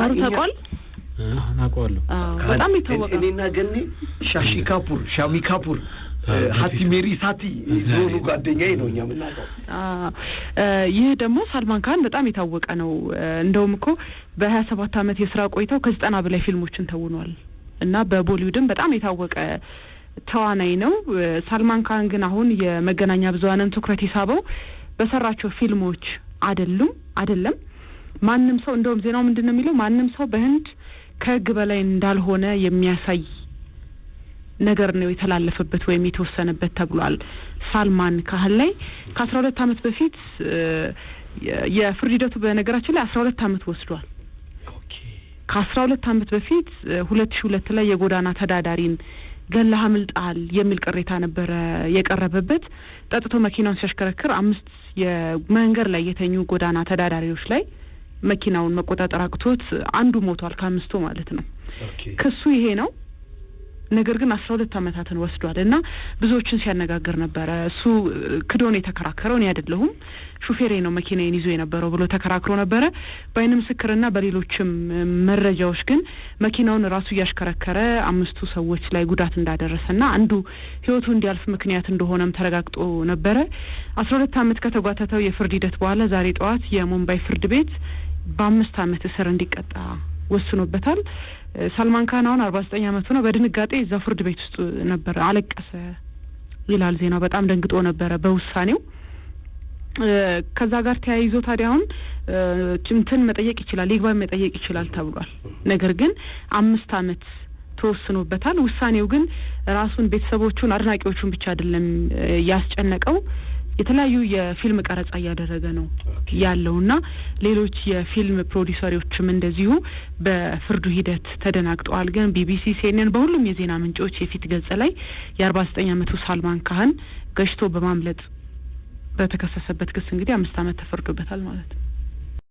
ባሩ ታውቋል? አውቀዋለሁ። በጣም የታወቀ እኔና ገኔ ሻሺ ካፑር ሻሚ ካፑር ሀቲ ሜሪ ሳቲ ዞኑ ጓደኛዬ ነው እኛ የምናውቀው። ይህ ደግሞ ሳልማን ካህን በጣም የታወቀ ነው። እንደውም እኮ በሀያ ሰባት አመት የስራ ቆይታው ከዘጠና በላይ ፊልሞችን ተውኗል እና በቦሊውድም በጣም የታወቀ ተዋናይ ነው። ሳልማን ካህን ግን አሁን የመገናኛ ብዙሀንን ትኩረት የሳበው በሰራቸው ፊልሞች አይደሉም አይደለም ማንም ሰው እንደውም ዜናው ምንድን ነው የሚለው ማንም ሰው በህንድ ከህግ በላይ እንዳልሆነ የሚያሳይ ነገር ነው የተላለፈበት ወይም የተወሰነበት ተብሏል። ሳልማን ካህል ላይ ከአስራ ሁለት አመት በፊት የፍርድ ሂደቱ በነገራችን ላይ አስራ ሁለት አመት ወስዷል። ከአስራ ሁለት አመት በፊት ሁለት ሺ ሁለት ላይ የጎዳና ተዳዳሪን ገላህ አምልጣል የሚል ቅሬታ ነበረ የቀረበበት። ጠጥቶ መኪናውን ሲያሽከረክር አምስት የመንገድ ላይ የተኙ ጎዳና ተዳዳሪዎች ላይ መኪናውን መቆጣጠር አቅቶት አንዱ ሞቷል ከአምስቱ ማለት ነው። ክሱ ይሄ ነው። ነገር ግን አስራ ሁለት አመታትን ወስዷል እና ብዙዎችን ሲያነጋግር ነበረ። እሱ ክዶን የተከራከረው እኔ አይደለሁም ሹፌሬ ነው መኪናዬን ይዞ የነበረው ብሎ ተከራክሮ ነበረ። በአይን ምስክርና በሌሎችም መረጃዎች ግን መኪናውን ራሱ እያሽከረከረ አምስቱ ሰዎች ላይ ጉዳት እንዳደረሰና አንዱ ህይወቱ እንዲያልፍ ምክንያት እንደሆነም ተረጋግጦ ነበረ። አስራ ሁለት አመት ከተጓተተው የፍርድ ሂደት በኋላ ዛሬ ጠዋት የሙምባይ ፍርድ ቤት በአምስት ዓመት እስር እንዲቀጣ ወስኖበታል። ሳልማን ካን አሁን አርባ ዘጠኝ አመቱ ነው። በድንጋጤ እዛ ፍርድ ቤት ውስጥ ነበረ፣ አለቀሰ ይላል ዜናው። በጣም ደንግጦ ነበረ በውሳኔው። ከዛ ጋር ተያይዞ ታዲያ አሁን ጭምትን መጠየቅ ይችላል፣ ይግባኝ መጠየቅ ይችላል ተብሏል። ነገር ግን አምስት አመት ተወስኖበታል። ውሳኔው ግን ራሱን ቤተሰቦቹን፣ አድናቂዎቹን ብቻ አይደለም ያስጨነቀው የተለያዩ የፊልም ቀረጻ እያደረገ ነው ያለው ሌሎች የፊልም ፕሮዲሰሮችም እንደዚሁ በፍርዱ ሂደት ተደናግጠዋል። ግን ቢቢሲ፣ ሲኤንኤን በሁሉም የዜና ምንጮች የፊት ገጽ ላይ የአርባ ዘጠኝ አመቱ ሳልማን ካህን ገጭቶ በማምለጥ በተከሰሰበት ክስ እንግዲህ አምስት አመት ተፈርዶበታል ማለት ነው።